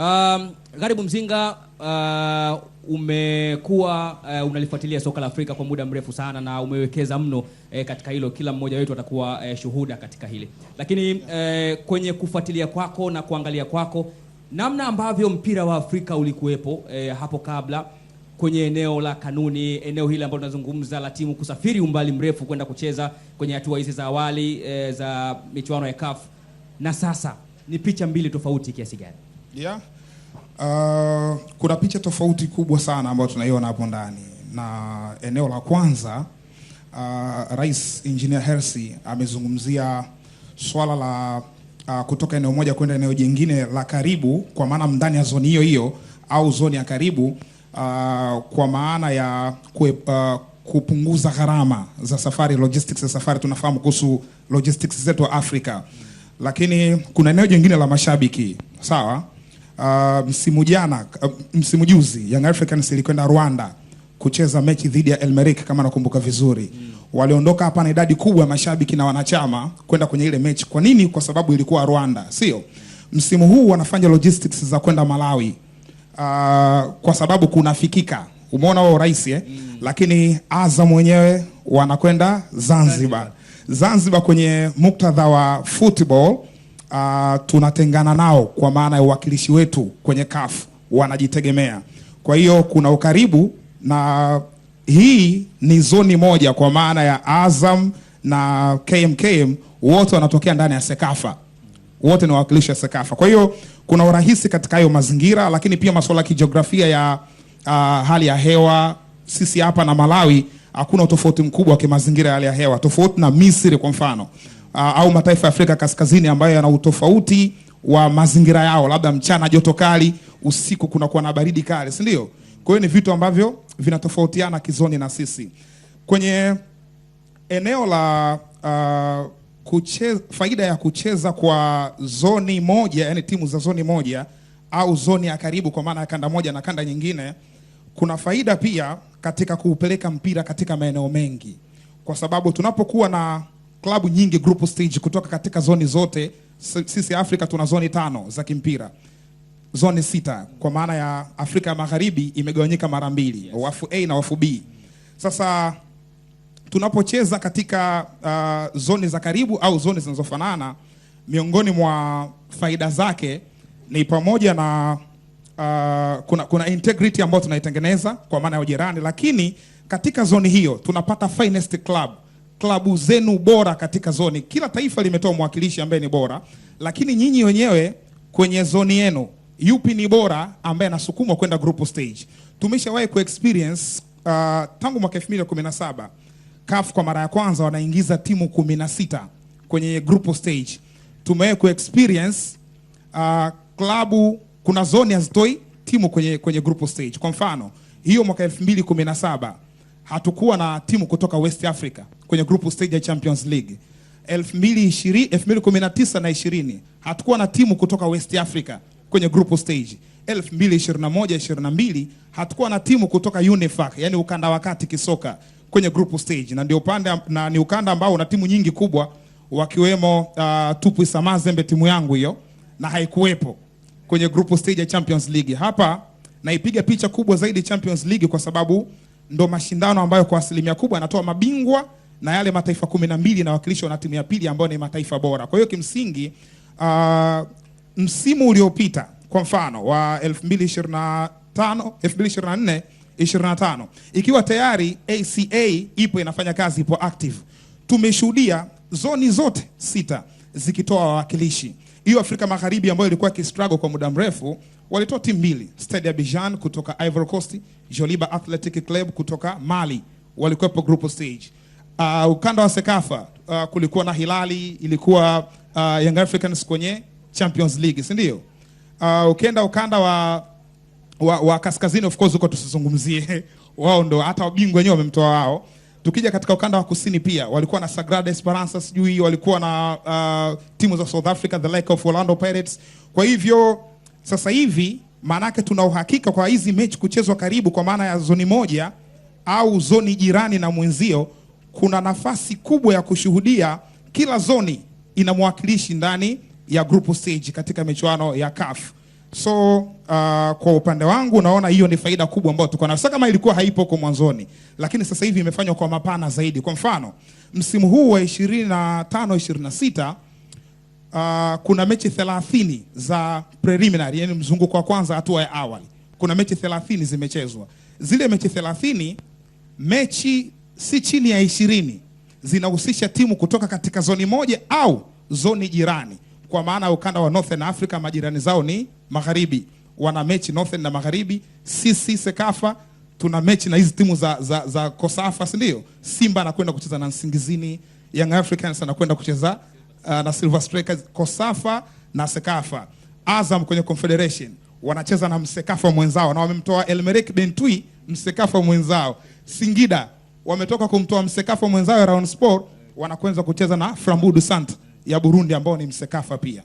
Um, Gharibu Mzinga uh, umekuwa uh, unalifuatilia soka la Afrika kwa muda mrefu sana na umewekeza mno uh, katika hilo. Kila mmoja wetu atakuwa uh, shuhuda katika hili, lakini uh, kwenye kufuatilia kwako na kuangalia kwako namna ambavyo mpira wa Afrika ulikuwepo uh, hapo kabla kwenye eneo la kanuni, eneo hili ambalo tunazungumza la timu kusafiri umbali mrefu kwenda kucheza kwenye hatua hizi za awali uh, za michuano ya CAF na sasa, ni picha mbili tofauti kiasi gani? yeah. Uh, kuna picha tofauti kubwa sana ambayo tunaiona hapo ndani, na eneo la kwanza uh, Rais Engineer Hersi amezungumzia swala la uh, kutoka eneo moja kwenda eneo jingine la karibu, kwa maana ndani ya zoni hiyo hiyo au zoni ya karibu uh, kwa maana ya kwe, uh, kupunguza gharama za safari logistics za safari. Tunafahamu kuhusu logistics zetu wa Afrika, lakini kuna eneo jingine la mashabiki sawa Uh, msimu jana ah, msimu juzi Young Africans ilikwenda Rwanda kucheza mechi dhidi ya Elmerick kama nakumbuka vizuri mm. Waliondoka hapa na idadi kubwa ya mashabiki na wanachama kwenda kwenye ile mechi. Kwa nini? Kwa sababu ilikuwa Rwanda, sio? Msimu huu wanafanya logistics za kwenda Malawi uh, kwa sababu kunafikika, umeona wao rahisi eh? mm. Lakini Azam wenyewe wanakwenda Zanzibar. Zanzibar kwenye muktadha wa football uh, tunatengana nao kwa maana ya uwakilishi wetu kwenye CAF wanajitegemea. Kwa hiyo kuna ukaribu na hii ni zoni moja kwa maana ya Azam na KMKM wote wanatokea ndani ya Sekafa, wote ni wawakilishi wa Sekafa. Kwa hiyo kuna urahisi katika hayo mazingira, lakini pia masuala ya kijiografia ya uh, hali ya hewa. Sisi hapa na Malawi hakuna utofauti mkubwa wa kimazingira ya hali ya hewa, tofauti na Misri kwa mfano au mataifa ya Afrika Kaskazini ambayo yana utofauti wa mazingira yao, labda mchana joto kali, usiku kunakuwa na baridi kali, si ndio? Kwa hiyo ni vitu ambavyo vinatofautiana kizoni na sisi kwenye eneo la uh, kuche, faida ya kucheza kwa zoni moja, yani timu za zoni moja au zoni ya karibu, kwa maana ya kanda moja na kanda nyingine, kuna faida pia katika kuupeleka mpira katika maeneo mengi, kwa sababu tunapokuwa na klabu nyingi group stage kutoka katika zoni zote. Sisi Afrika tuna zoni tano za kimpira, zoni sita kwa maana ya Afrika ya Magharibi imegawanyika mara mbili, yes. Wafu A na wafu B. Sasa tunapocheza katika uh, zoni za karibu au zoni zinazofanana, miongoni mwa faida zake ni pamoja na uh, kuna, kuna integrity ambayo tunaitengeneza kwa maana ya ujirani, lakini katika zoni hiyo tunapata finest club klabu zenu bora katika zoni. Kila taifa limetoa mwakilishi ambaye ni bora, lakini nyinyi wenyewe kwenye zoni yenu yupi ni bora ambaye anasukumwa kwenda group stage? Tumeshawahi ku experience uh, tangu mwaka 2017 CAF kwa mara ya kwanza wanaingiza timu 16 kwenye group stage. Tumewahi ku experience uh, klabu kuna zoni hazitoi timu kwenye, kwenye group stage. Kwa mfano hiyo mwaka 2017 hatukuwa na timu kutoka West Africa kwenye group stage ya Champions League 2019 na 20 hatukuwa na timu kutoka West Africa kwenye group stage 2021 22 hatukuwa na timu kutoka UNIFAC, yani ukanda wa kati kisoka kwenye group stage, na ndio upande na ni ukanda ambao una timu nyingi kubwa wakiwemo uh, Tupi Mazembe timu yangu hiyo, na haikuwepo kwenye group stage ya Champions League. Hapa naipiga picha kubwa zaidi Champions League kwa sababu ndo mashindano ambayo kwa asilimia kubwa yanatoa mabingwa na yale mataifa kumi na mbili yanawakilishwa na timu ya pili ambayo ni mataifa bora. Kwa hiyo kimsingi, uh, msimu uliopita kwa mfano wa 2025 2024 25 ikiwa tayari ACA ipo inafanya kazi, ipo active, tumeshuhudia zoni zote sita zikitoa wawakilishi. Hiyo Afrika Magharibi ambayo ilikuwa kistruggle kwa muda mrefu, walitoa timu mbili, Stade Abidjan kutoka Ivory Coast, Joliba Athletic Club kutoka Mali, walikuwepo group stage. Uh, ukanda wa Sekafa uh, kulikuwa na Hilali, ilikuwa uh, Young Africans kwenye Champions League, si ndio? Uh, ukienda ukanda wa, wa, wa kaskazini, of course huko tusizungumzie wao ndo hata wabingwa wenyewe wamemtoa wao Tukija katika ukanda wa kusini pia walikuwa na Sagrada Esperanza, sijui walikuwa na uh, timu za South Africa the like of Orlando Pirates. Kwa hivyo sasa hivi maanake tuna uhakika kwa hizi mechi kuchezwa karibu, kwa maana ya zoni moja au zoni jirani na mwenzio, kuna nafasi kubwa ya kushuhudia kila zoni ina mwakilishi ndani ya group stage katika michuano ya CAF. So uh, kwa upande wangu naona hiyo ni faida kubwa ambayo tuko nayo. Sasa kama ilikuwa haipo kwa mwanzoni, lakini sasa hivi imefanywa kwa mapana zaidi. Kwa mfano, msimu huu wa 25 26 uh, kuna mechi 30 za preliminary, yani mzunguko wa kwanza hatua ya awali. Kuna mechi 30 zimechezwa. Zile mechi 30, mechi si chini ya 20 zinahusisha timu kutoka katika zoni moja au zoni jirani, kwa maana ukanda wa Northern Africa majirani zao ni Magharibi wana mechi Northern na Magharibi. Sisi Sekafa tuna mechi na hizi timu za, za, za Kosafa, si ndio? Simba anakwenda kucheza na singizini Young Africans anakwenda kucheza uh, na Silver Strikers. Kosafa na Sekafa. Azam kwenye Confederation wanacheza na Msekafa mwenzao na wamemtoa Elmerik Bentui, Msekafa mwenzao. Singida wametoka kumtoa Msekafa mwenzao Round Sport, wanakwenda kucheza na Frambudu Sant ya Burundi ambao ni Msekafa pia.